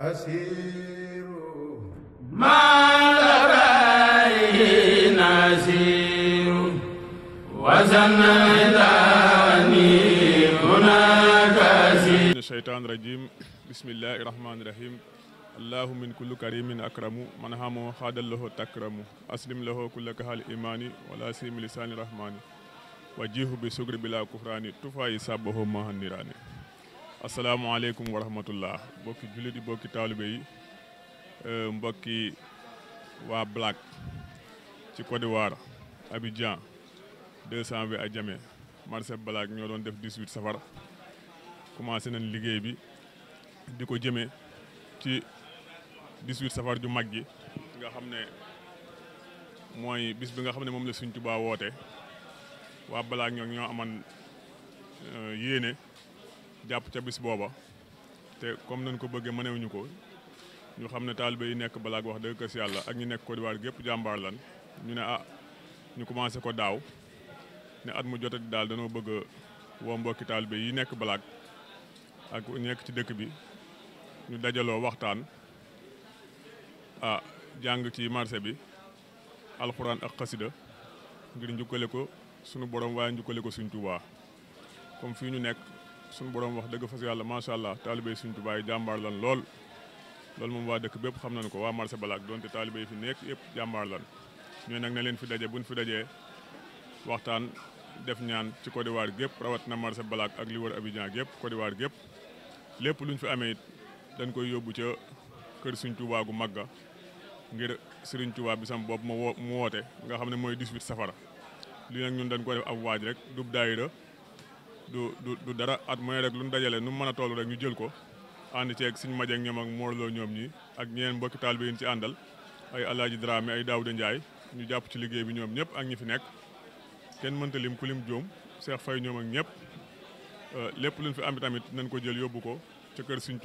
الشيطان الرجيم بسم الله الرحمن الرحيم الله من كل كريم أكرم من هم خاد له تكرم أسلم له كل كهال إيماني ولا سيم لسان الرحمن وجيه بسكر بلا كفراني تفاي سابه مهنيراني asalaamaaleykum wa rahmatullah mbokki jullit yi mbokki taalibe yi euh, waa Black ci Côte d'Ivoire Abidjan a ak Djamé marché Black ñoo doon def 18 safar commencé nañ liggéey bi di ko jëmee ci 18 safar ju mag ji nga xam ne mooy bis bi nga xam ne moom la Sëñ Tuubaa woote waa Black ñoo ñoo amoon euh, yéene jàpp ca bis booba te comme nañ ko bëggee mënewuñu ko ñu xam ne taalibe yi nekk balaag wax dëgg kës yàlla ak ñu nekk Côte d'Ivoire gépp jàmbaar lan ñu ne ah ñu commencé ko daaw ne at mu jotati daal danoo bëgg a woo mbokki taalibe yi nekk balaag ak nekk ci dëkk bi ñu dajaloo waxtaan a jàng ci marché bi alxuraan ak xasida ngir njukkale ko sunu borom waaye njukkale ko suñ Tuubaa comme fii ñu nekk sun borom wax dëgg fas ma sha allah talibey seigne touba yi jàmbaar lan lol lol mom wa deuk bepp xam nañ ko wa marché balak donte talibey fi nek yep jambar lan ñu nak na leen fi daje buñ fi dajee waxtaan def ñaan ci Côte d'Ivoire gep rawat na marché balak ak li wër Abidjan gep Côte d'Ivoire gep lepp luñ fi amé dañ koy yobbu ci kër seigne touba gu magga ngir seigne touba bi sam bop mo wote nga xamne moy 18 safara li nak ñun dañ ko def ab waaj rek dub daayira du du du dara at mooy rek lu nu dajale nu mu mën a toll rek ñu jël ko ànd ceeg suñu maje ak ñoom ak moorloo ñoom ñi ak ñeen bokki taal bi yéen ci àndal ay alaaji Dramé ay Daouda Ndiaye ñu jàpp ci liggéey bi ñoom ñëpp ak ñi fi nekk kenn mënta lim ku lim joom Cheikh Faye ñoom ñëpp euh, lépp lu fi am tamit nañ ko jël yóbbu ko ca kër Sëriñ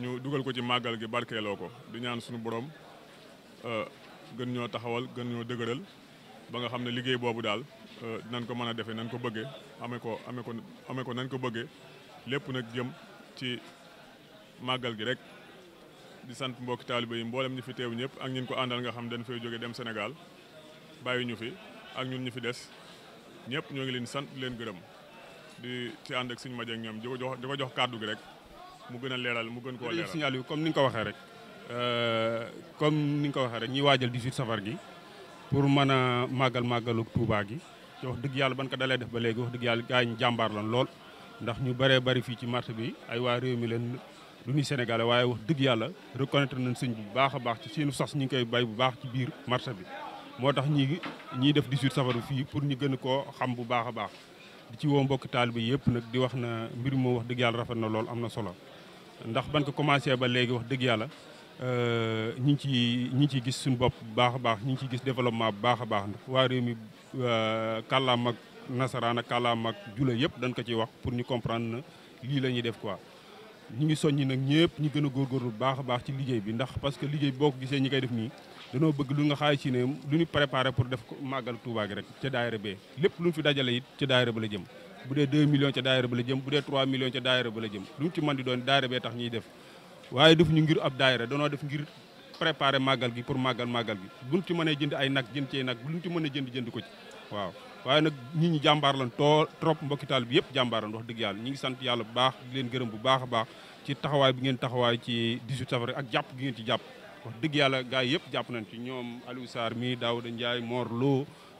ñu dugal ko ci màggal gi barkeeloo ko di ñaan suñu borom euh, gën ñoo taxawal gën ñoo dëgëral ba nga xam ne liggéey boobu daal Euh, nan ko mën a defee nan ko bëggee amee ko amee ko amee ko nan ko bëggee lépp nag jëm ci màggal gi rek di sant mbokki taaliba yi mboolem ñu fi teew ñëpp ak ñin ko andal nga xam dañ fay jóge dem Sénégal bàyyi ñu fi ak ñun ñu fi des ñëpp ñoo ngi leen sant di leen gërëm di ci ànd ak suñu majeeg ñoom di ko jox di ko jox kàddu gi rek mu gën a leeral mu gën koo leeral signal yi comme ni nga ko waxee rek euh, comme ni nga ko waxee rek ñi waajal 18 safar gi pour mën a màggal màggalu Touba gi te wax dëgg yàlla ban ko dalee def ba léegi wax dëgg yàlla gaa ñu jàmbaar lan lool ndax ñu bëree bari fii ci marché bi ay waa réew mi leen lu ñuy sénégalais waaye wax dëgg yàlla reconnaître nañ sëñ bi bu baax a baax ci siinu sas ñu ngi koy bay bu baax ci biir marché bi moo tax ñi ñiy def 18 safar fii pour ñu gën koo xam bu baax a baax di ci woo mbokki taalibe yëpp nag di wax na mbir moo wax dëgg yàlla rafet na lool am na solo ndax ban ko commencé ba léegi wax dëgg yàlla Euh, ñu ngi ciy ñu ngi ciy gis suñu bopp bu baax baax ñu ngi ciy gis développement bu baax a baax ndax waa réew mi euh, kàllaam ak nasaraan ak kàllaam ak jula yëpp dañ ko ciy wax pour ñu comprendre na lii la ñuy def quoi. ñu ngi soññi nag ñëpp ñu gën a góorgóorlu bu baax a baax ci liggéey bi ndax parce que liggéey bi boo gisee ñi koy def nii danoo bëgg lu nga xaay ci ne lu ñu préparé pour def ko màggal Touba gi rek ca daayira bee lépp lu ñu fi dajale it ca daayira ba la jëm bu dee 2 millions ca daayira ba la jëm bu dee doon daayira bee tax ñuy waaye defu ñu ngir ab daayira danoo def ngir préparer màggal gi pour màggal màggal gi buñ ci mënee jënd ay nag jënd ci ay nag buñ ci mënee jënd jënd ko ci waaw waaye nag nit ñi jàmbaar lan too trop mbokki taal bi yëpp jàmbaar lan wax dëgg yàlla ñi ngi sant yàlla bu baax di leen gërëm bu baax baax ci taxawaay bi ngeen taxawaay ci 18 safar ak jàpp gi ngeen ci jàpp wax dëgg yàlla gars yi yëpp jàpp nañ ci ñoom Aliou Sarr mi Daouda Ndiaye Mor Lo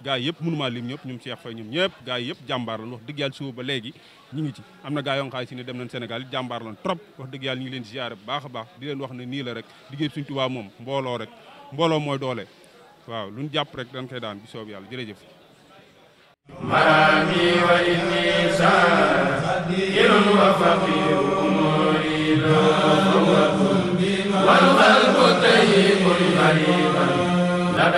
gaa yi yëpp mënumaa lim ñëpp ñoom Cheikh Faye ñoom ñëpp gaa yi yëpp jàmbaar lan wax dëgg yàlla suba ba ngi ci am na gaa yoo xaay si ne dem nañ Sénégal yi lan trop wax dëgg yàlla ñu leen ziyaare bu baax a baax di leen wax ne nii la rek liggéey suñ Tuubaa moom mbooloo rek mbooloo mooy doole waaw lu jàpp rek dañ koy daan bi soob yàlla jërëjëf marami wa inni sa irun wa faqir umuri wal qalbu tayyibun mariban